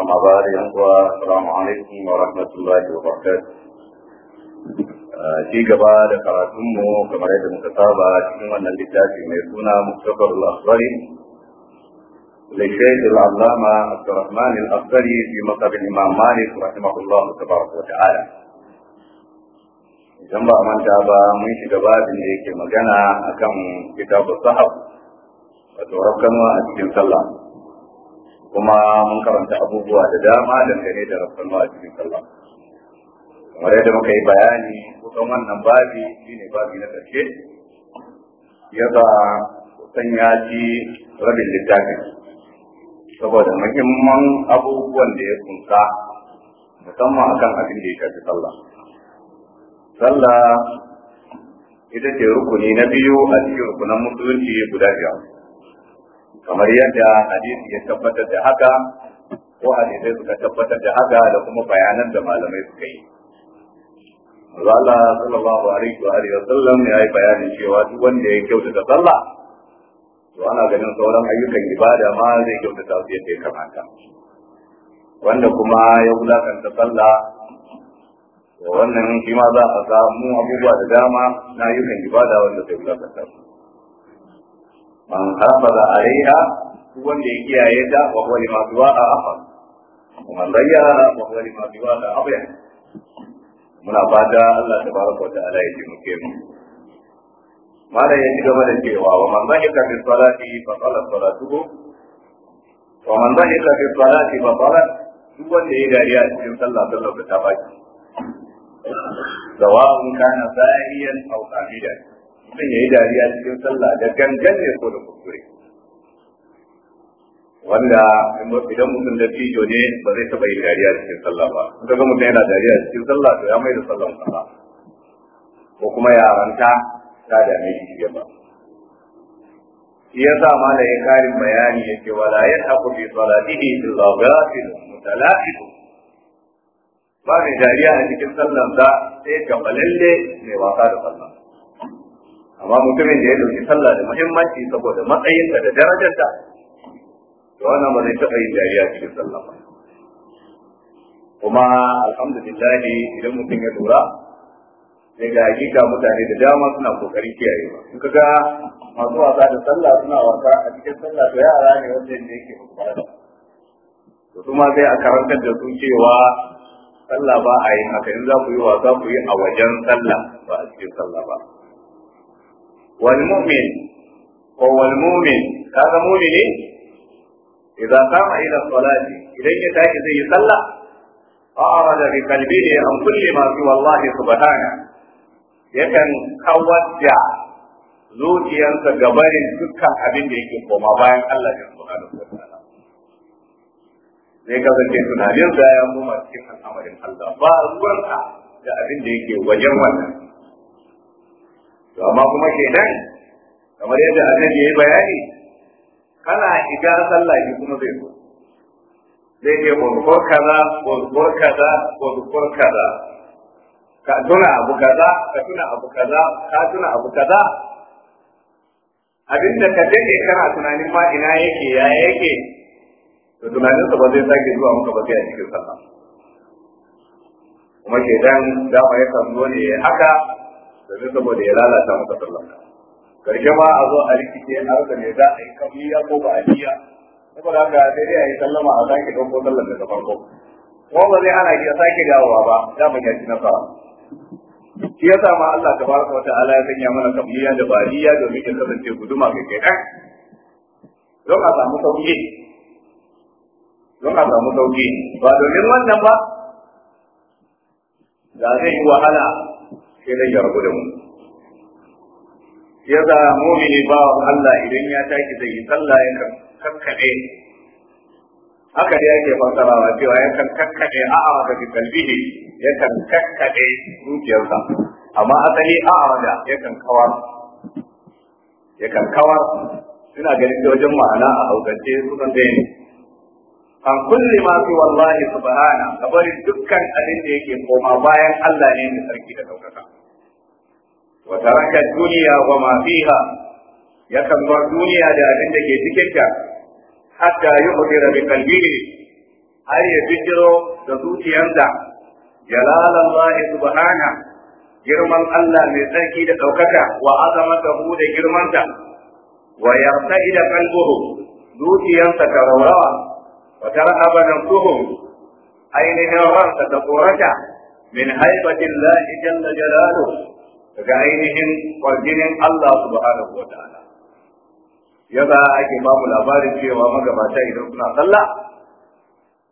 أما بعد السلام عليكم ورحمة الله وبركاته ci gaba da karatunmu kamar yadda muka saba cikin wannan littafi mai suna mustafar al-asfari لشيخ العلامة عبد الرحمن الأفضلي في مكتب الإمام مالك رحمه الله تبارك وتعالى idan ba a manta ba mun shiga babin da yake magana akan kitabu sahab wato rafkanuwa a cikin sallah kuma mun karanta abubuwa da dama dangane da rafkanuwa a cikin sallah kamar yadda muka yi bayani kusan wannan babi shine babi na ƙarshe ba kusan ya ji rabin littafin saboda muhimman abubuwan da ya kunsa musamman akan abin da ya shafi sallah sallah ita ce rukuni na biyu a cikin rukunan musulunci guda biyar kamar yadda hadisi ya tabbatar da haka ko hadisai suka tabbatar da haka da kuma bayanan da malamai suka yi Allah sallallahu alaihi wa alihi wasallam ya yi bayanin cewa duk wanda ya kyautata sallah to ana ganin sauran ayyukan ibada ma zai kyautata su yadda ya kamata wanda kuma ya wulakanta sallah wannan shi ma za a samu abubuwa da dama na ayyukan ibada wanda zai wulakanta su man hafaza alaiha wanda ya kiyaye ta wa huwa lima duwa'a afan man zayyara wa huwa lima duwa'a afyan muna fata Allah tabaraka wa ta'ala ya taimake mu malam ya ci gaba da cewa wa man zahika fi salati fa salat salatuhu wa man zahika fi salati fa salat duk wanda ya dariya cikin sallah sallar ta baki sawa'un kana sa'iyan aw qamidan mutum ya yi dariya cikin sallah da gangan ne ko da kuskure wanda idan mutum da fijo ne ba zai taɓa yin dariya cikin sallah ba in ga mutum yana dariya cikin sallah to ya mai da sallan sallah ko kuma yaranta ta dame shi gaba ya sa mala ya karin bayani ya ce wala ya taku bi salatihi illa ghafil mutalaqib ba mai dariya a cikin sallan sa sai ga balalle mai wasa da sallah amma mutumin da ya dauki sallah da muhimmanci saboda matsayinta da darajarta to wannan ba zai taɓa yin dariya cikin sallah ba kuma alhamdulillah idan mutum ya lura sai ga hakika mutane da dama suna kokarin ba in ka masu wasa da sallah suna wasa a cikin sallah to yara ne wanda yake kokara to kuma sai a karantar da su cewa sallah ba a yin haka in za ku yi wasa ku yi a wajen sallah ba a cikin sallah ba والمؤمن mu'min المؤمن هذا mu'min إذا قام idan الصلاة ila salati idan ya أعرض zai yi sallah بقلبه عن كل ما سوى الله سبحانه yakan kawar da zuciyarsa gabarin dukkan abin da yake koma bayan Allah ya subhanahu zai kasance tunanin da ya koma cikin al'amarin Allah ba zuwanka da abin da yake wajen wannan to amma kuma kenan kamar yadda annabi ya yi bayani kana shiga sallah ki kuma zai zo zai ce kurkur kaza kurkur kaza kurkur kaza ka tuna abu kaza ka tuna abu kaza ka tuna abu kaza abinda ka dade kana tunanin ma ina yake ya yake to tunanin ba zai sake zuwa muka ba sai a cikin sallah kuma shedan dama yakan zo ne haka domin saboda ya lalata masa ka. karshe ma a zo a rikice a rasa ne za a yi kabiya ko ba a biya saboda haka sai dai a yi sallama a sake ɗauko sallar da ta farko ko ba zai ana ya sake dawowa ba da ban yaki nasara shi yasa ma Allah tabaraka wa ta'ala ya sanya mana kabiya da bariya domin ya kasance guduma ga kai don a samu sauki don a samu sauki ba domin wannan ba da zai yi wahala sai dai ya rabu da mu yaza mu'mini ba Allah idan ya tashi zai yi sallah ya kakkade haka dai yake fasarawa cewa ya kakkade a a'a da kalbihi ya kan kakkade zuciyarsa amma asali a da ya kan kawar ya kan kawar ina ganin da wajen ma'ana a hausance sukan zai ne an kulli ma fi wallahi subhana ka bari dukkan abin da yake koma bayan Allah ne mai sarki da daukaka wa taraka duniya wa ma fiha kan bar duniya da abin da ke cikin ta hatta yuhdira bi qalbihi har ya fitiro da zuciyarsa jalalallahi subhana girman Allah mai sarki da daukaka wa azamatahu da girmanta, wa yartaida qalbuhu zuciyarsa ta rawawa wa tarhaba nafsuhum ainihin ranka ta tsorata min haibatin lahi jalla jalalu daga ainihin kwarjinin Allah subhanahu wa ta'ala ya za ake ba mu labarin cewa magabata idan kuna sallah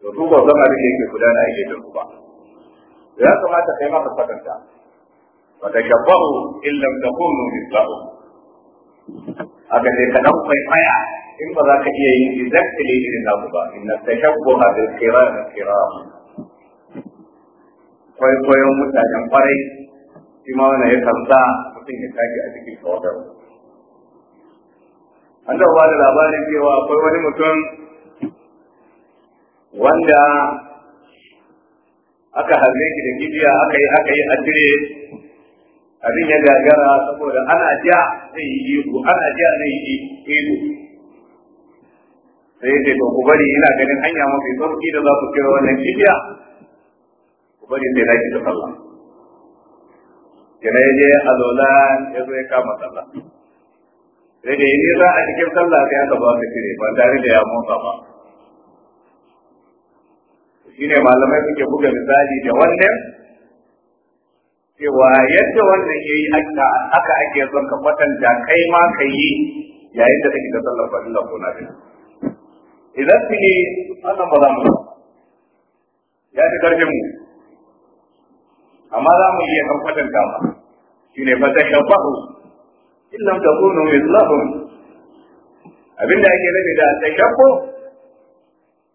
to su ba zama da yake gudana yake da su ba ya kamata kai maka sakanta wa tashabbahu in lam takunu mislahum aka ce ka dan kwaikwaya in ba za ka iya yin exactly irin ku ba inna da bil kiram kiram kwaikwayon mutanen kwarai shi ma wannan ya kansa mutum ya tashi a cikin tawagar an da da labarin cewa akwai wani mutum wanda aka harbe shi da gidiya aka yi aka yi a abin ya gagara saboda ana ja zai yi jego ana ji ana yi jego sai ce ba ku bari ina ganin hanya mafi sauki da za ku kira wannan kibiya ku bari sai na da sallah kira je alola ya zo ya kama sallah sai da yi za a cikin sallah sai aka ba ka cire ba tare da ya motsa ba ne malamai suke buga misali da wannan cewa yadda wannan ya yi haka haka ake son ka kwatanta kai ma ka yi yayin da kake da sallar farilla ko na biyu? idan su ne wannan ba za mu ya ci karfin mu amma za mu iya kan kwatanta ma shi ne fa ta shafahu mai takunu Abin abinda ake nabi da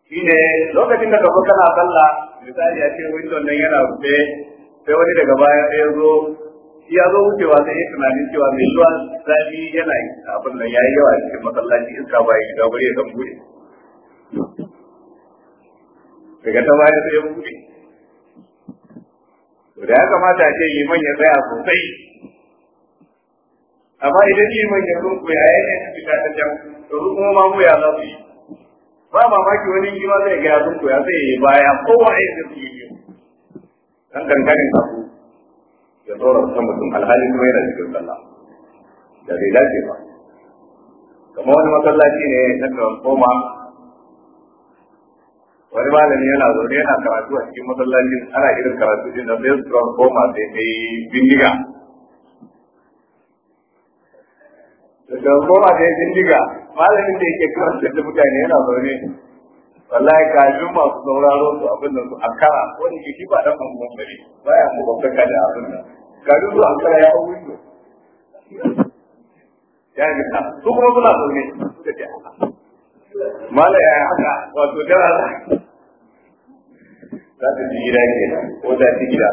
Shi ne. lokacin da ka kana sallah misali a ce windon nan yana rufe sai wani daga baya ya zo ya zo wucewa sai ya tunanin cewa mai zuwa zafi yana abin nan yi yawa cikin masallaci iska ba ya shiga gure ya bude daga ta baya sai ya bude to da ya kamata a ce yi ya tsaya sosai amma idan liman ya runku ya yi ne fita ta can to kuma ma mu ya za su yi ba mamaki wani ma zai ga ya runku ya sai ya yi baya kowa ya zai su yi kan kankanin ku ya tsora kan mutum alhali kuma yana cikin sallah da bai dace ba kamar wani masallaci ne na koma. wani malami yana zaune yana karatu a cikin masallacin ana irin karatu din da sai koma, sai ta bindiga da transforma ta bindiga malamin da yake karanta da mutane yana zaune wallahi ka masu sauraro su abin da su ankara wani ke shi ba dan mamman bane baya mu babbaka da abin nan ji su ankara ya hau windo ya ji ta su kuma suna zaune suka ce mala ya haka wato jara za za ta ji gida ke ko za ta gida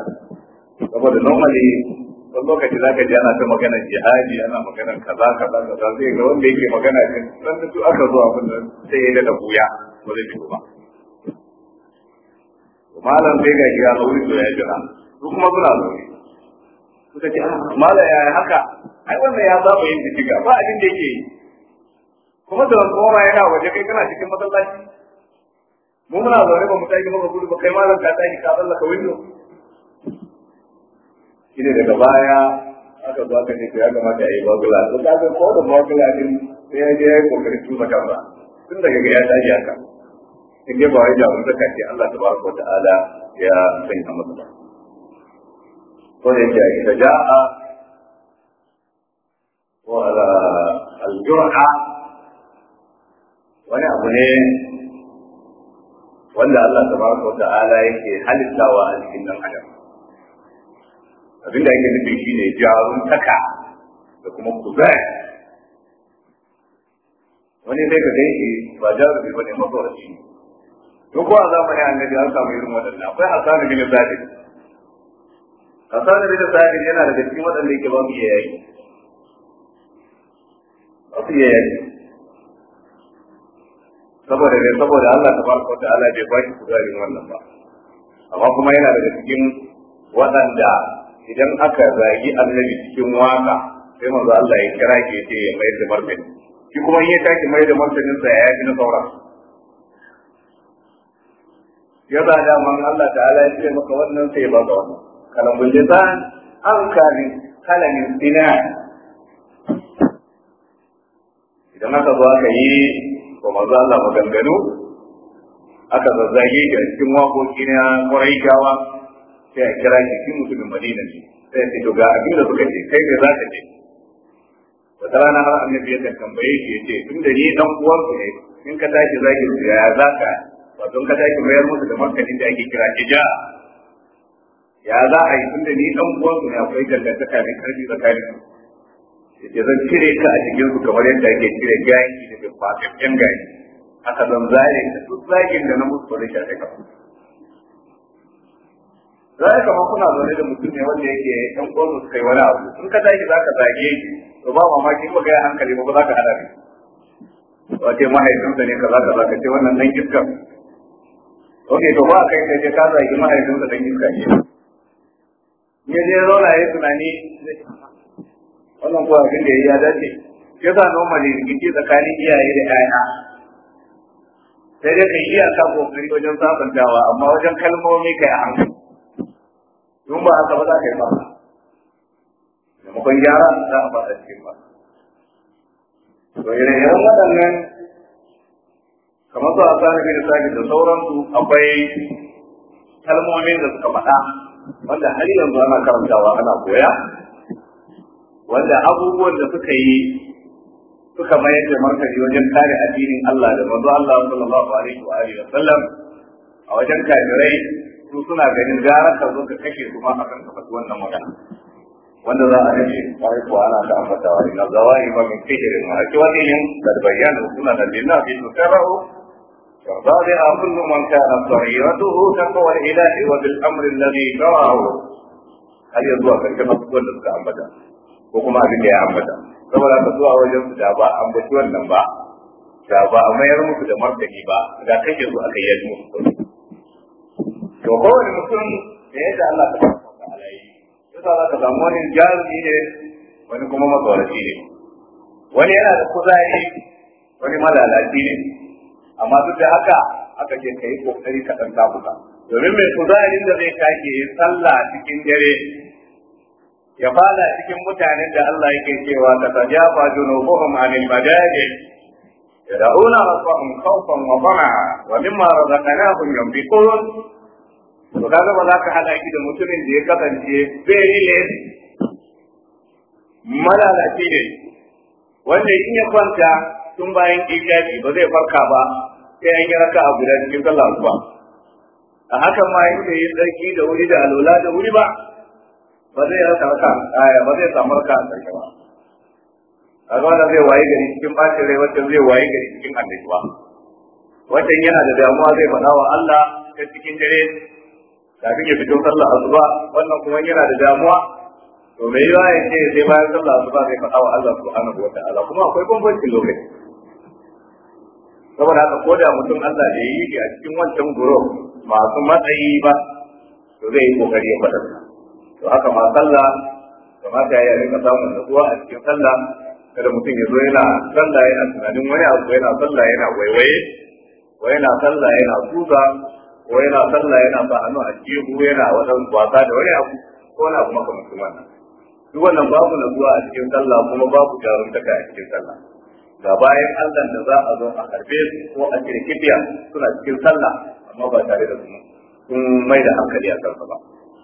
saboda normally wani lokaci za ka ji ana ta magana jihadi ana magana kaza kaza kaza zai ga wanda yake magana din dan da su aka zo abin nan sai ya da buya ba zai fito ba malam sai ga gida sauri to ya jira su kuma suna sauri suka ce ah, malam ya haka ai wannan ya saba yin diga ba abin da yake yi kuma da wani koma yana waje kai kana cikin masallaci mu muna zaune ba mu tashi maka gudu ba kai malam ka tashi ka tsallaka windo shine daga baya aka zo aka ce ya kamata a yi bagula to ka ga ko da bagula din sai ya je ya yi kokarin tuba kansa tun daga ga ya tashi haka in dai ba wai da wanda ce Allah tabaraka ta'ala ya san ka mutum ko da yake idan ja'a ko ala al-jur'a wani abu ne wanda Allah tabaraka ta'ala yake halittawa a cikin dan adam abinda yake nufi shine taka, da kuma kuzari wani zai ka gaishe ba jarumi bane mazoraci to ko a zamanin annabi an samu irin waɗannan akwai hasan bin sabit hasan bin sabit yana da cikin waɗanda yake ba mu iya yaki ba su iya yaki saboda ne saboda Allah ta baraka wa ta'ala bai shi kuzarin wannan ba amma kuma yana daga cikin waɗanda idan aka zagi annabi cikin waka sai manzo Allah ya kira ke ce ya mai da martani shi kuma in ya tashi mai da martanin sa ya yafi na sauran ya ba man Allah ta'ala ya ce maka wannan sai ba ga wannan kalamun lisan an kari kalamin dina idan aka zo aka yi wa manzo Allah maganganu aka zazzage ga cikin waƙoƙi na Quraishawa sai a kira shi cikin mutumin Madina ne sai ya ce to ga abin da suka ce kai ne za ka ce wata rana har annabi ya tambaye shi ya ce tun da ni dan uwanku ne in ka tashi zaki ya za ka wato ka sake mayar musu da martanin da ake kira ija ya za a yi tunda ni dan uwan su ne akwai dangantaka mai karfi tsakanin su yace zan cire ka a cikin su kamar yadda ake cire gayi daga fakakken gayi aka zan zare ka duk zagin da na musu da zai shafe ka za ka ma kuna zaune da mutum ne wanda yake ɗan uwan su kai wani abu in ka tashi za ka zage shi to ba mamaki ba gaya hankali ba ba za ka hada ne wace mahaifinsa ne kaza za ka ce wannan nan iskar ok to ba kai sai ka zagi mahaifin ka dan iska ne ya je zauna ya tunani wannan kuwa abin da ya dace ya sa noma da rikici tsakanin iyaye da 'ya'ya sai dai ka yi aka kokari wajen sabantawa amma wajen kalmomi kai a hankali don ba haka ba za ka yi ba maimakon gyara za a fada cikin ba to ire-iren waɗannan kamar su a zanabi da sake da sauransu akwai kalmomi da suka faɗa wanda har yanzu ana karantawa ana koya wanda abubuwan da suka yi suka mayar da martani wajen kare addinin Allah da manzo Allah sallallahu alaihi wa alihi wasallam a wajen kafirai su suna ganin gara ka zo ka kashe su ma akan ka faɗi wannan magana wanda za a rage kai ko ana da ambatawa zawa zawai ba min fikirin ma kiwa din da bayyana kuna da lillahi bi tsarahu رابعا كل من كانت ضريرته تقوى الاله وبالامر الذي شرعه هل يزوى كما تقول لك أبدا وكما أبدا يا أبدا saboda ka zuwa wajen su da ba an baci wannan ba da ba a mayar musu da martani ba da kake zo aka yi musu to kowane mutum da yadda Allah ta fara alayi to za ka samu wani jarumi ne wani kuma ne wani yana da kuzari wani malalaci ne amma duk da haka aka ce ka yi kokari ka ɗan tabuka domin mai kuzarin da zai kake yi sallah cikin dare ya fada cikin mutanen da Allah yake cewa ta tajafa junubuhum anil madaji يدعون ربهم خوفا وطمعا ومما رزقناهم ينفقون to kaga ba za ka hada ki da mutumin da ya kasance very less malalaci ne wanda in ya kwanta tun bayan ijabi ba zai farka ba sai an yi raka a guda cikin sallah asuba a hakan ma in bai yin tsarki da wuri da alwala da wuri ba ba zai rasa raka aya ba zai samu raka a ƙarshe ba A azwala zai waye gari cikin bacin rai wata zai waye gari cikin annabawa wannan yana da damuwa zai faɗa wa Allah ta cikin dare kafin ya fito sallah asuba wannan kuma yana da damuwa to me yawa ya ce sai bayan sallah asuba zai faɗa wa Allah subhanahu wa ta'ala kuma akwai bambancin lokaci saboda haka ko da mutum Allah da yi shi a cikin wancan guro masu matsayi ba to zai yi kokari ya fadar to haka ma sallah kamata ya rika samun nutsuwa a cikin sallah kada mutum ya zo yana sallah yana tunanin wani abu yana sallah yana waiwaye ko yana sallah yana tuka ko yana sallah yana ba hannu a jihu yana wajen wasa da wani abu ko wani abu makamancin wannan duk wannan babu nutsuwa a cikin sallah kuma babu jarumtaka a cikin sallah ga bayan Allah da za a zo a karbe su ko a kirkibiya suna cikin sallah amma ba tare da sun sun mai da hankali a kansa ba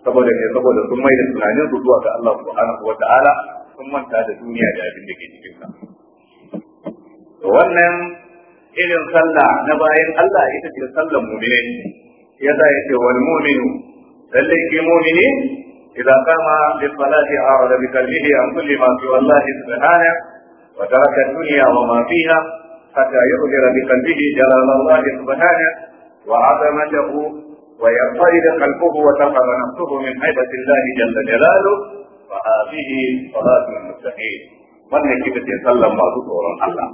saboda ne saboda sun mai da tunanin su zuwa ga Allah subhanahu wa ta'ala sun manta da duniya da abin da ke cikin sa wannan irin sallah na bayan Allah ita ce sallar mu'mini yasa yake wal mu'minu lalle ki mu'mini idan kama bi salati a'udhu bi kalbihi an kulli ma fi wallahi subhanahu وترك الدنيا وما فيها حتى يؤجر بقلبه جلال الله سبحانه وعظمته ويرتئد قلبه وتفر نفسه من هيبة الله جل جلاله فهذه صلاة المستقيم من يجب أن يسلم بعض طورنا الله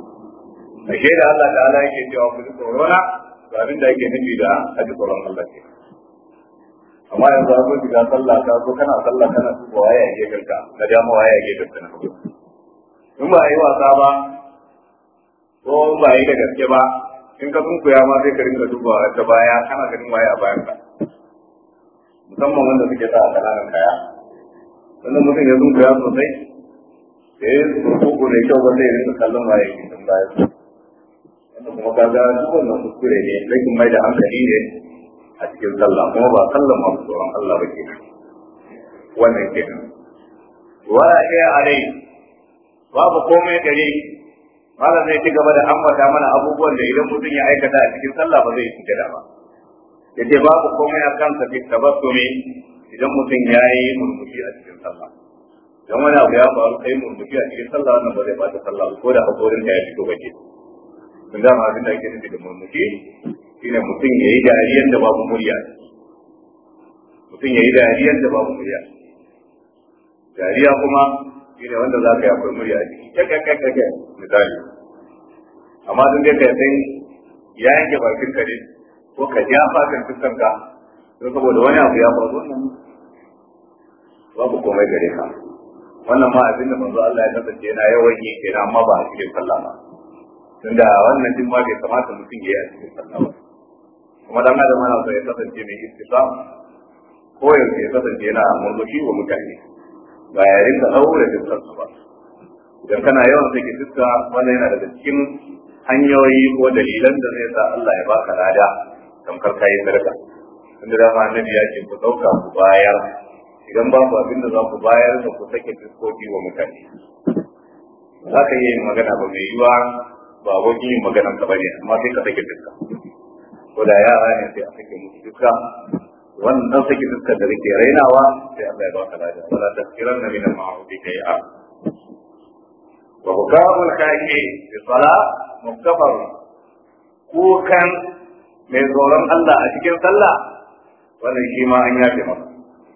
فشيء الله تعالى يجب أن يوفر طورنا فمن ذلك يجب أن يجب أن الله amma yanzu abin da ga sallah ka so kana sallah kana so waye ya ke kanka da jama'a waye ya ke kanka in ba a yi wasa ba ko in ba a yi da gaske ba in ka sunkuya ma sai ka rinka duba ta baya kana ganin waye a bayan ka musamman wanda suke sa a kananan kaya sannan mutum ya sunkuya sosai da ya kurkuku da kyau ba zai rinka kallon waye ke can baya wanda kuma ka ga duk wannan kuskure ne lakin mai da hankali ne a cikin sallah kuma ba sallah masu tsoron Allah ba ke wannan kenan wa ya alai babu komai gare shi malam zai ci gaba da ambata mana abubuwan da idan mutum ya aikata a cikin sallah ba zai da ba yace babu komai a kansa fi tabassumi idan mutum ya yi murmushi a cikin sallah Don wani abu ya faru kai murmushi a cikin sallah wannan ba zai bata sallah ko da hakorin da ya fito ba ke mun dama abin da ake nufi da murmushi shine mutum ya yi dariyan da babu murya mutum ya yi dariyan da babu murya dariya kuma shi ne wanda za ka yi akwai murya a jiki kai misali amma sun dai kai sai ya yanke bakin kare ko ka ja fatan fuskan ka don saboda wani abu ya faru wannan babu komai gare ka wannan ma abinda manzo Allah ya kasance yana yawan yi kenan amma ba a cikin sallah ba tunda wannan din ma bai kamata mutum ya yi a cikin sallah ba kuma dan adam ana so ya kasance mai istisam ko ya kasance yana murmushi wa mutane ba ya rinka aure fiskar ba idan kana yawan sake fiska wannan yana daga cikin hanyoyi ko dalilan da zai sa Allah ya baka lada tamkar kayi sadaka tunda da fa annabi ya ce ku dauka ku bayar idan ku abin da za ku bayar da ku sake fiskoki wa mutane za ka yi magana ba mai yiwa ba wani yin magana ka bane amma sai ka sake fiska ko da yara ne sai a sake musu fiska wannan saki fuskar da kake rainawa sai Allah ya baka lada wala taskiran min al-ma'ruf shay'a wa hukamu al-khai'i bi salat muktafar kukan mai tsoron Allah a cikin sallah wannan shi ma an yafe masa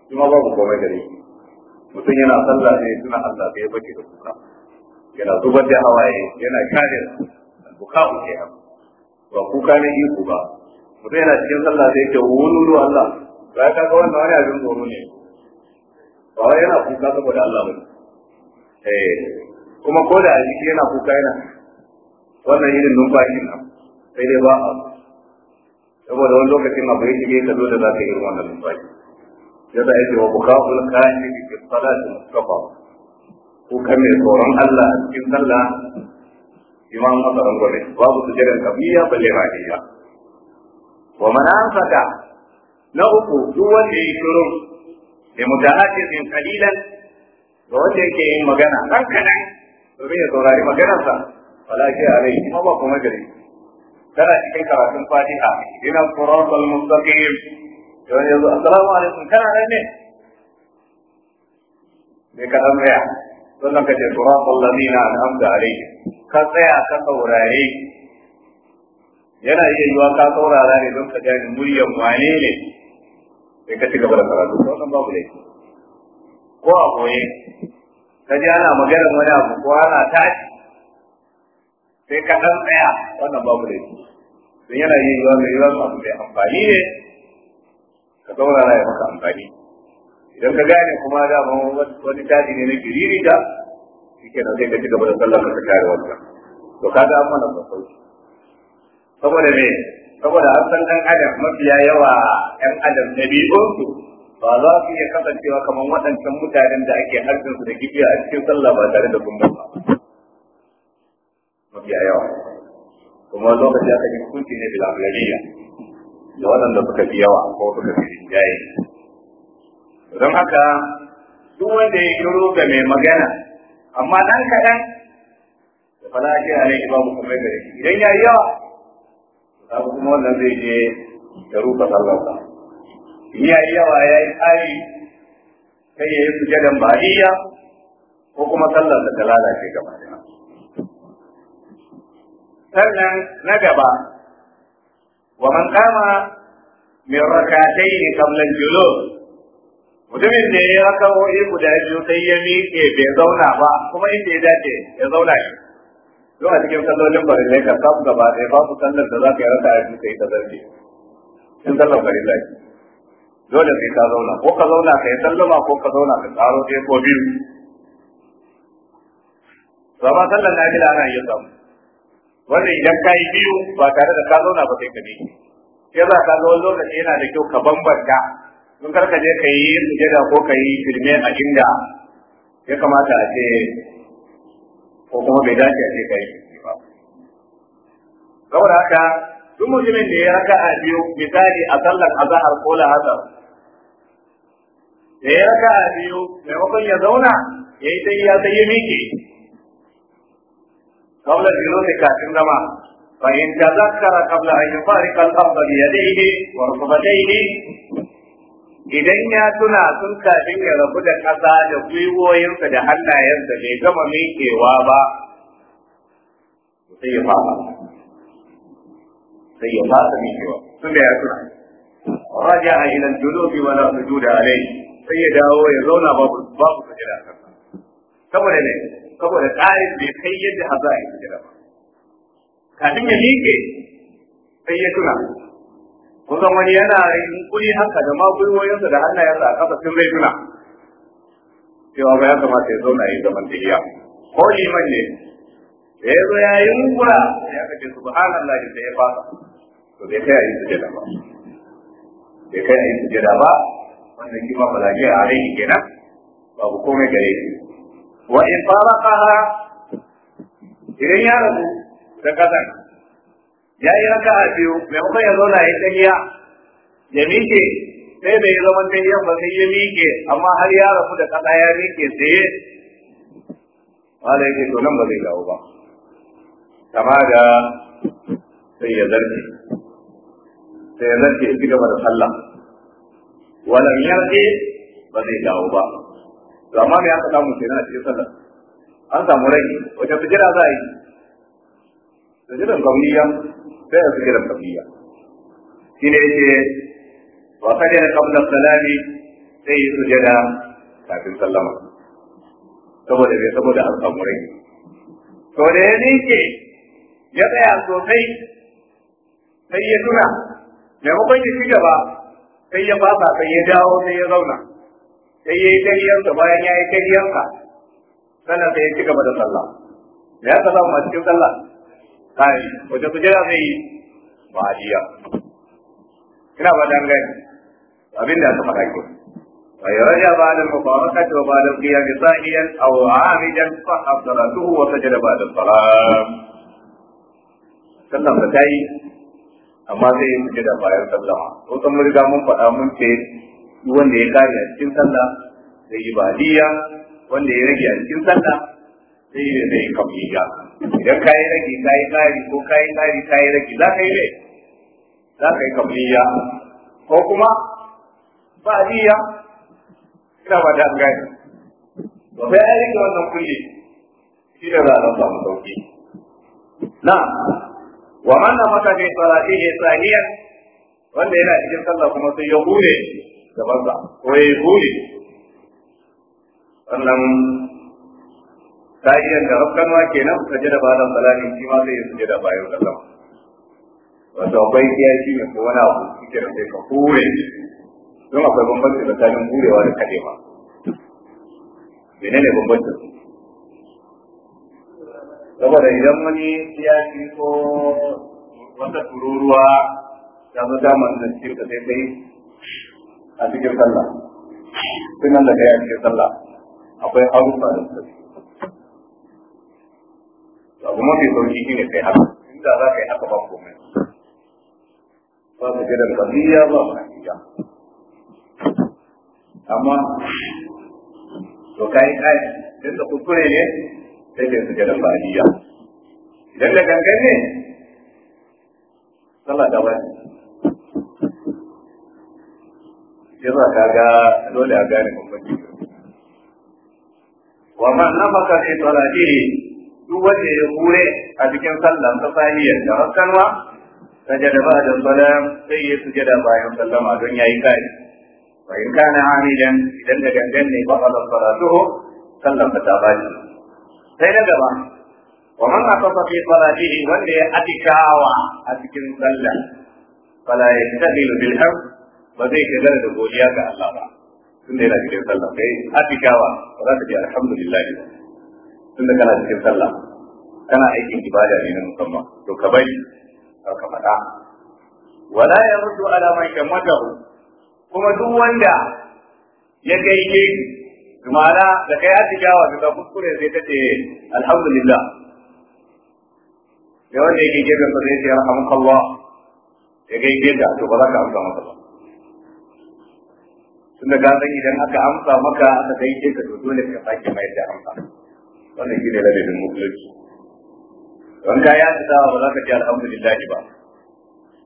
shi ma babu komai gare shi mutum yana sallah ne suna Allah sai ya bace da kuka yana zubar da hawaye yana kare al-bukahu shay'a ba kuka ne iko ba mutum yana cikin sallah sai ya ce wani Allah ba ka ga wannan wani abin tsoro ne ba wai yana kuka saboda Allah ba eh kuma ko da jiki yana kuka yana wannan irin numfashi na, sai dai ba abu saboda wani lokacin abu ya shige ka zo da za ka irin wannan numfashi ya da yake wa buka'ul kashi bi fi salati mustafa Kuka mai tsoron Allah a cikin sallah imam masaran gobe babu su sujirin kabiya balle rahiya wa mana an anfaka na uku duk wanda ya yi shiru da mutahajir min qalilan ga wanda yake yin magana dan kadan domin ya saurari maganarsa wala shi alai kuma ba kuma gare kana cikin karatun fatiha ina siratal mustaqim to yanzu assalamu alaikum kana nan ne me ka tambaya sannan ka ce siratal ladina an'amta alaihim ka tsaya ka saurare yana iya yiwa ka saurara ne don ka gane muryan wane ne sai ka ci gaba da karatu ko wannan babu laifi ko a koye ka ji ana magana wani abu ko ana tashi sai ka dan tsaya wannan babu laifi don yana yi yiwuwa mai yiwuwa abu mai amfani ne ka na ya maka amfani idan ka gane kuma da wani tashi ne na giriri da shi ke nan sai ka ci gaba da sallah ka kare wannan to kaga an mana ba sauki saboda me saboda an san dan adam mafiya yawa yan adam na su ba za su iya kasancewa kamar waɗancan mutanen da ake harkar su da gibiya a cikin sallah ba tare da gumba ba mafiya yawa kuma lokaci aka yi kunci ne bil ablariya da waɗanda suka fi yawa ko suka fi rinjaye don haka duk wanda ya kiro ga mai magana amma nan kaɗan da falashi a ne imamu kuma gare idan ya yi yawa ka kuma wannan zai je ya rufa sallarsa in ya yi yawa ya yi tsari kai ya yi sujadan ba'iyya ko kuma sallar da ta lalace gaba ɗaya sannan na gaba wa man kama min rakatayn qabla al mutumin da ya rakawo guda biyu sai ya miƙe bai zauna ba kuma inda ya dace ya zauna shi zuwa a cikin sallolin farillai ka samu gaba ɗaya babu sallar da za ka yi rasa ya fi sai ta zarfi in sallar farillai dole sai ka zauna ko ka zauna ka yi sallama ko ka zauna ka tsaro ɗaya ko biyu zama sallar na gida ana iya samu wannan idan ka yi biyu ba tare da ka zauna ba sai ka bi ya za ka ga wani lokaci yana da kyau ka bambanta in kar ka je ka yi sujada ko ka yi filme a inda ya kamata a ce ko kuma bai dace a ce kai ba saboda haka duk mutumin da ya raka a biyu misali a sallar azahar ko lahazar da ya raka a biyu maimakon ya zauna ya yi sai ya sai ya miƙe قبل الجلوس كافر لما فإن تذكر قبل أن يفارق الأرض بيديه وركبتيه idan ya tuna sun kafin ya rabu da ƙasa da gwiwoyinsa da hannayensa bai gama miƙewa ba sai ya fara sai ya fara miƙewa tun da ya tuna raja a ilan junubi su sujuda alai sai ya dawo ya zauna babu babu sujada kansa saboda ne saboda tsarin bai kai yadda haza ya sujada ba kafin ya miƙe sai ya tuna kusan wani yana kuri haka da magulwoyinsa da hannayensa a kafa sun raituna cewa ba ya kamata ya zauna yi zaman tahiya ko liman ne da ya zo ya yi yunkura sai aka ce subhanallah da ya fasa to bai kai a yi sujada ba bai kai a yi sujada ba wannan kima ba lafiya a rai kenan babu komai gare shi wa in faraqaha idan ya rabu da kazan ya yi raka a biyu kuma ya zauna ya tahiya ya miƙe sai bai zama tahiyan ba sai ya miƙe amma har ya rafu da ƙasa ya miƙe tsaye wala yake to nan ba zai dawo ba kama da sai ya zarce sai ya zarce ya gaba da sallah walan yarke ba zai dawo ba to amma mai aka samu kenan a cikin sallah an samu rai wajen fijira za a yi jiran kauniya sai a kira da kafiya shi ne yake wa kada kabla salami sai yi sujada kafin sallama saboda bai saboda al'amurai to da ya nike ya tsaya sosai sai ya tuna maimakon ya ci gaba sai ya fafa sai ya dawo sai ya zauna sai ya yi tariyarsa bayan ya yi tariyarsa sannan sai ya ci gaba da sallah ya ka masu a cikin sallah kai wajen sujada zai yi ba'adiyya ina ba dan gani abin da aka faɗa amma yi da bayan sallama ko riga mun faɗa mun ce wanda ya kare a cikin sallah zai yi wanda ya rage a cikin sallah sai ne zai kammiya idan ka yi rage ka yi tsari ko ka yi ƙari ka yi rage za ka yi ne za ka yi kammiya ko kuma ba niyya ina ba da gani to sai an rage wannan kulle shi da za a samu sauki na wa man na mata ne salatihi saniyan wanda yana cikin sallah kuma sai ya hure gabansa ko ya hure wannan ta iya da rafkanwa kenan ka ji da bala salati shi ma zai yi su da bayan sallam wato akwai shi ne ko wani abu suke da sai ka hure don akwai bambanci tsakanin hurewa da kadewa menene bambancin saboda idan wani kiyashi ko wata tururuwa ta zo damar da cikin ka sai kai a cikin sallah sunan da kai a cikin sallah akwai harufa da suka abu mafi sauki shine kai haka inda za ka yi haka ba komai ba su gidan kabiya ba ma hijja amma to kai kai din da kuskure ne sai ke su da bariya idan da gangan ne sallah da wani yana kaga dole a gane bambanci wa nama ka ke salatihi duk wanda ya hure a cikin sallah ta saniyar da haskanwa sajada ba da salam sai ya sujada bayan sallama don yayi kai wa in kana amidan idan da gangan ne ba ala salatuhu sallan ta tabaji sai na gaba wa man asafa fi salatihi wanda ya atikawa a cikin sallah fala yastabilu bil hawl ba zai shigar da godiya ga Allah ba tunda yana cikin sallah sai atikawa ba za ta ji alhamdulillah ba tunda kana cikin sallah kana aikin ibada ne na musamman to ka bari ka faɗa wala ya mutu ala man shamatahu kuma duk wanda ya gaike ma'ana da kai atijawa daga kuskure sai ta ce alhamdulillah ya wanda yake gefen sa zai ce rahamakallah ya gaike da to ba za ka amsa masa ba tunda ka san idan aka amsa maka aka gaike ka to dole ka sake mai da amsa wannan shine ladabin musulunci don ka yi hadisawa ba za ka ce alhamdulillah ba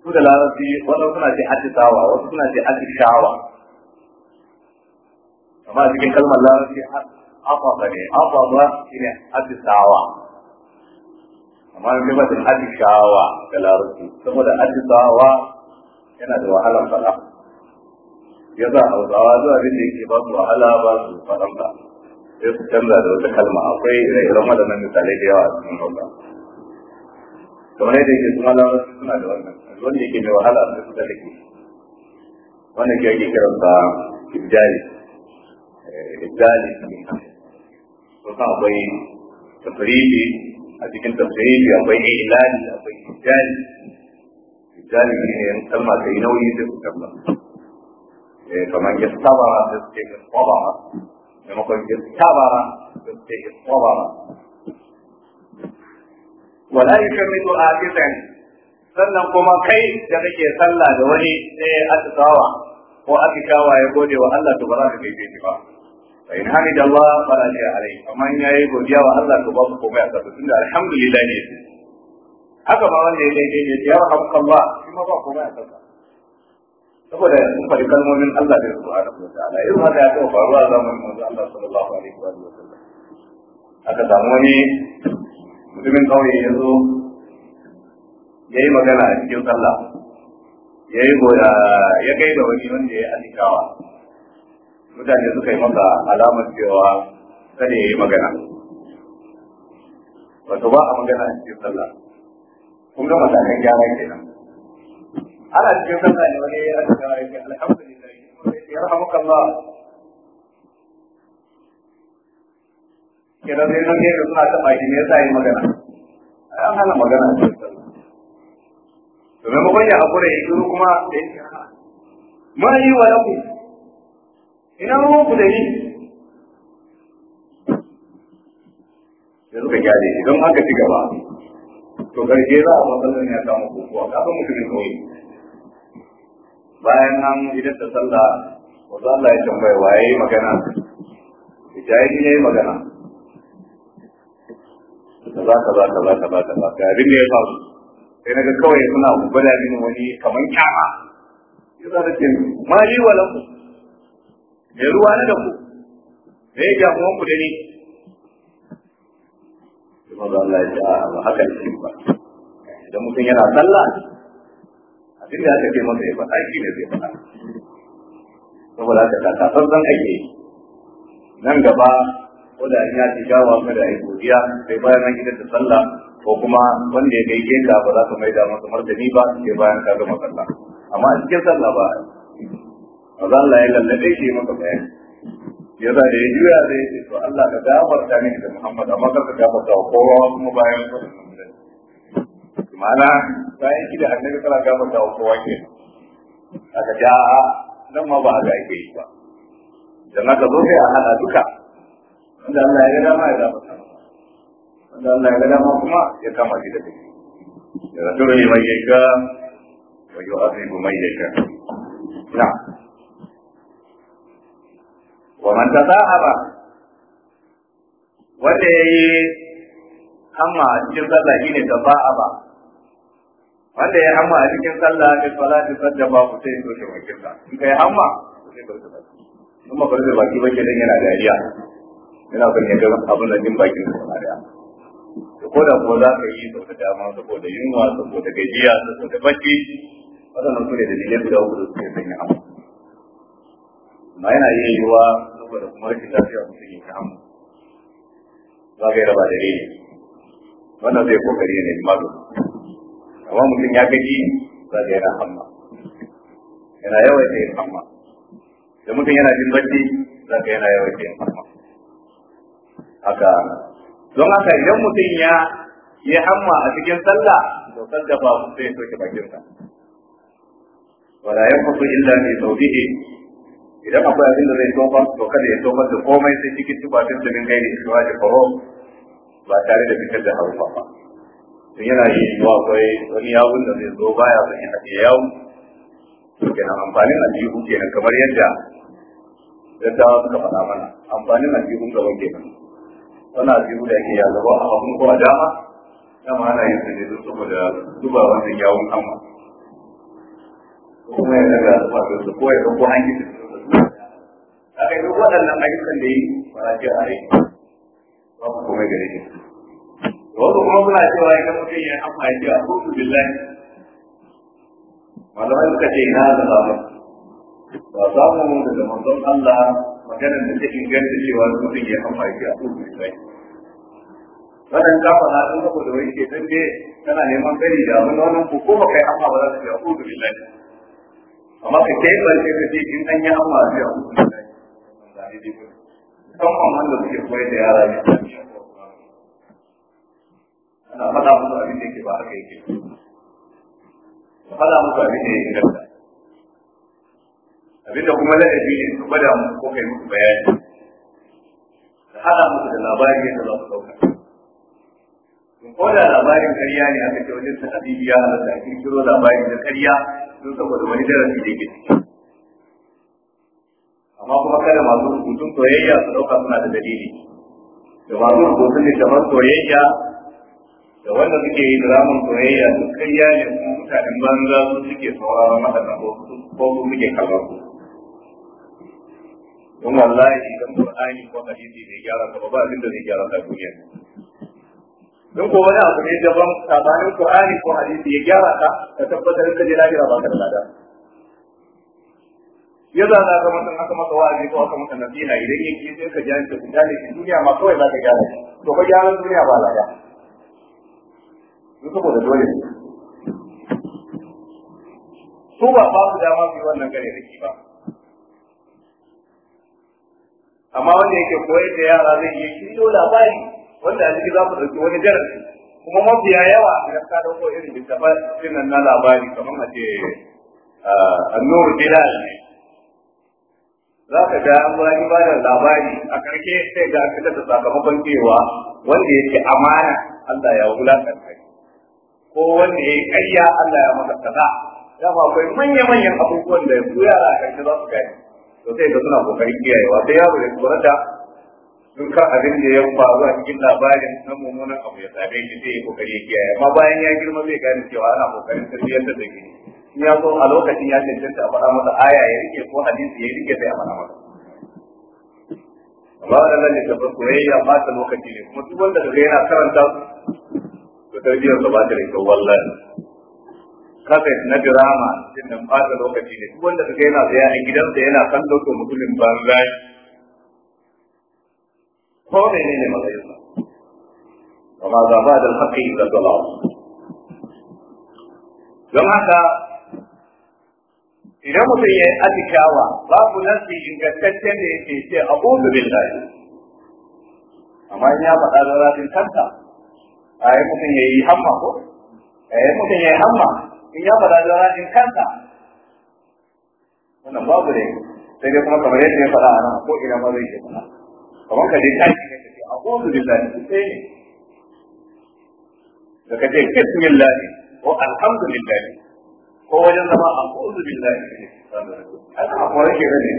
su da larabci wasu suna ce hadisawa wasu suna ce hadishawa amma cikin kalmar larabci afafa ne afafa shine hadisawa amma ne ba sun hadisawa da larabci saboda hadisawa yana da wahalar fada ya za a hausawa zuwa abin da yake ba su wahala ba su faɗan ba sai su canza da wata kalma akwai ire-iren waɗannan misalai da yawa a cikin hausa kamar yadda yake kuma lamarci suna da wannan wanda yake mai wahala sai su tsallake wanda ke yake kiransa ibdali eh, ibdali ko san akwai tafribi a cikin tafribi akwai ilani akwai ibdali ibdali shi ne yan kalma ta nauyi sai su kalma eh, kamar ya saba sai su ce ka maimakon istabara sun ce istabara wala yukammitu aqidan sannan kuma kai da kake sallah da wani ne ya atisawa ko atishawa ya gode wa Allah to ba za kai gaishe shi ba fa in hamida Allah fala a rai. amma in yi godiya wa Allah to ba ku komai a tabbata da alhamdulillah ne haka ba wanda ya daidai ne ya ba, shi ma ba komai a tabbata saboda sun faɗi kalmomin Allah da subhanahu wa ta'ala irin haka ya taɓa faruwa a zamanin manzo Allah sallallahu alaihi wa sallam aka samu wani mutumin kauye ya zo ya yi magana a cikin sallah ya yi ya kai da wani wanda ya yi alikawa mutane suka yi masa alamar cewa kada ya yi magana wato ba a magana a cikin sallah kun ga matakan gyara kenan ana cikin sallah ne wani ya shiga yake alhamdulillah ya rahamuka Allah kira sai nan ne suna taɓa baki ne sa yi magana an hana magana ce to maimakon ya hakura ya shiru kuma da yake ma yi wa lakum ina ruwan ku da ni da suka gyare shi don haka ci gaba to garge za a matsalar ya samu kukuwa kafin mutumin kauye bayan nan idan ta sallah wasu Allah ya tambaya wa yi magana hijabi ne magana kaza kaza kaza kaza kaza ga abin da ya faru sai naga kawai suna gwada mini wani kaman kyama ya ta ce ma yi wa lambu mai ruwa na da ku me ya kuma ku da ni Maza Allah ya ce a haka ne ba idan mutum yana sallah abin da aka ce masa ya faɗa shi ne zai faɗa saboda haka takafar zan ake nan gaba ko da an ya ci gawa ko da ai godiya sai bayan an gidan da sallah ko kuma wanda ya gaike ka ba za ka maida masa martani ba sai bayan ka gama sallah amma a cikin sallah ba maza Allah ya lallabe shi maka bayani ya za da ya juya zai ce to Allah ka gafarta mini da Muhammad amma kar ka gafarta wa kowa kuma bayan sallah ma'ana bayan ki da annabi tana gama da kowa wake aka ja nan ma ba a ga yake yi ba dan aka zo sai a hada duka wanda Allah ya ga dama ya zaba wanda Allah ya ga dama kuma ya kama shi da kai ya ne mai yaka wa yu'azibu mai yanka. Na. wa man tasahaba wanda yayi amma cikin ba a ba. wanda ya hamma a cikin sallah da salati sadda ba ku sai to shi wakil ka in kai hamma sai ka rubuta kuma ba da baki ba kenan yana dariya yana son ya abin da din bakin da na da ko da ko za ka yi da dama saboda yunwa saboda gajiya saboda baki wannan su ne dalilai da uku da suke yi hamma ma yana yin ruwa saboda kuma rashin lafiya mutum ya hamma za ba yi raba da ne wannan zai kokari ne duk amma mutum ya gaji za zai yana hamma yana yawaita yin hamma da mutum yana jin bacci za ka yana yawaita yin hamma haka don haka idan mutum ya yi hamma a cikin sallah to saddafa sai ya soke bakinsa wala yanfusu illa sau tawbihi idan akwai abin da zai tofa to kada ya tofa da komai sai cikin tubatin da ninkai ne shi wajen faro ba tare da fitar da harufa ba tun yana yi yiwuwa akwai wani yawun da zai zo baya son ya ake yawun to kenan amfanin aljihu kenan kamar yadda dattawa suka faɗa mana amfanin aljihun gaba kenan wani aljihu da yake ya gaba a hagun ko a dama dama ana yin sa ne don saboda zuba wannan yawun amma kuma ya daga faɗin su ko ya ɗauko hanki da su a kai duk waɗannan ayyukan da yi ba a ce a rai ba kuma gare shi wasu kuma suna cewa idan mutum ya amma ya ce a kusa billahi malamai suka ce na da samu ba samu daga manzon Allah maganar da ta inganta cewa mutum ya amma ya ce a kusa billahi wannan ta faɗa sun da wani ke san dai tana neman gari da wani wannan ko kai amma ba za ta ce a kusa billahi amma ka kai ba ce ka ce in an yi amma a ce a kusa billahi kan wanda suke koyar da yara ne ina faɗa musu abin da ke ba haka yake faɗa musu abin da yake gaba abin kuma ladabi ne su gwada mu ko kai musu bayani da haɗa musu da labari yadda za su ɗauka ko da labarin karya ne aka ce wajen sa habibi ya halatta a kirkiro labari da karya sun saboda wani darasi da yake ciki amma kuma kada masu rubutun soyayya su ɗauka suna da dalili da masu rubutun ne kamar soyayya da wanda suke yi draman soyayya kai ya ne kuma mutanen banza su suke sauraron masa ko su suke kallon su don wallahi idan Qur'ani ko hadisi bai gyara ka ba ba abin da zai gyara ka duniya don ko wani abu ne daban sabanin Qur'ani ko hadisi ya gyara ka ka tabbatar da jira ba ka da lada ya za ka ga mutum aka maka wa'azi ko aka maka nasiha idan yake sai ka ji an ce ku duniya ma kawai za ka gyara to ba gyaran duniya ba lada su saboda dole ne su ba ba su dama su yi wannan gare da ba amma wanda yake koyar da yara zai iya shiryo labari wanda a ciki za ku ɗauki wani darasi kuma mafiya yawa a idan ka ɗauko irin littafin nan na labari kamar a ce annuru bilal ne za ka ga an bani ba da labari a karke sai ga aka da sakamakon cewa wanda yake amana Allah ya wulakanta shi ko wanda ya yi ƙarya Allah ya masa kaza fa akwai manya-manyan abubuwan da su yara a ƙarshe za su gani to sai ka suna kokarin kiyayewa sai yaro ya tsoron da ka abin da ya faru a cikin labarin na mummunan abu ya same shi sai ya kokari ya kiyaye amma bayan ya girma zai gane cewa ana kokarin tarbiyyar da zai gini in ya so a lokacin ya cancanta a faɗa masa aya ya rike ko hadisi ya rike sai a faɗa masa ba da nan ne tabbas soyayya ba ta lokaci ne kuma duk wanda kaga yana karanta to tarbiyyar ba ta da kyau wallahi kasa na drama din nan ba lokaci ne duk wanda kaga yana tsaya a gidansa yana kan dauko mutumin banza ko ne ne magana wa ma za ba da haƙƙi da dalal don haka idan mutum ya yi atishawa babu nasi ingantacce ne ke ce a ƙudu billahi amma in ya faɗa da rafin kanta a mutum ya yi hamma ko a mutum ya yi hamma in ya faɗa da rajin kanta wannan babu ne sai dai kuma kamar yadda ya faɗa a nan ko ina ma zai ke faɗa kamar ka ta yi ne ka a a ƙozu billahi ku sai ne da ka ce bismillahi ko alhamdulillahi ko wajen zama a ƙozu billahi ne an haƙorin ke ne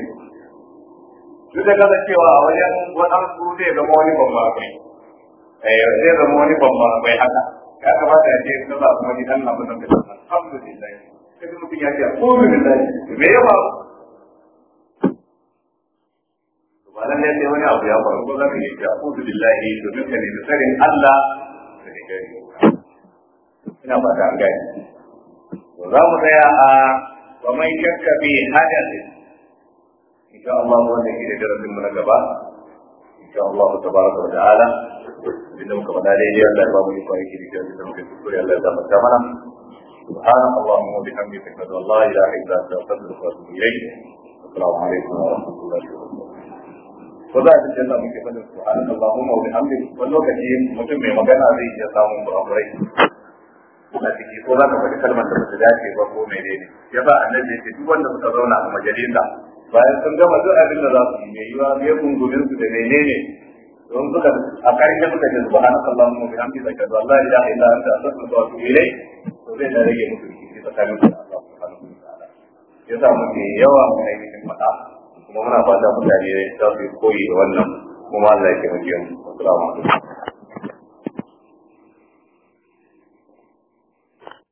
duk da kasancewa a wajen waɗansu zai zama wani babba kai Eh, zai zama wani bamba bai haka ya kamata ya ce sallah kuma ni dan abu nan da alhamdulillah sai mutum ya ce alhamdulillah me ya faru ba nan ne sai wani abu ya faru ko zaka yi ta alhamdulillah domin ka nemi tsarin Allah da ne gari ina ba ta gani to za mu tsaya a wa mai shakka bi hadath insha Allah wannan shi ne darasin mu na gaba insha Allah tabaraka wa ta'ala inda muka faɗa daidai Allah ya ba mu ikon yake da da muke kuskure Allah ya zama ta mana سبحانك اللهم وبحمدك اشهد ان لا اله الا انت استغفرك واتوب اليك السلام عليكم ورحمه الله وبركاته ko za a ji janna muke fadin subhanan Allahumma wa bihamdik wani lokaci mutum mai magana zai iya samun kurakurai a ciki ko za ka faɗi kalmar da ba ta dace ba ko menene ya ba ya ce duk zauna a majalisa bayan sun gama duk abin da za su yi mai yiwa mai gungumin su da menene don suka a karshe suka ce subhanaka allahumma wa bihamdika ashhadu an la ilaha illa anta astaghfiruka zuwa atubu ilayk to zai da rage musu rikici tsakanin su da Allah subhanahu wa ta'ala yasa muke yawa mu ainihin faɗa kuma muna fata mutane za su yi koyi da wannan kuma Allah ya taimake mu assalamu alaikum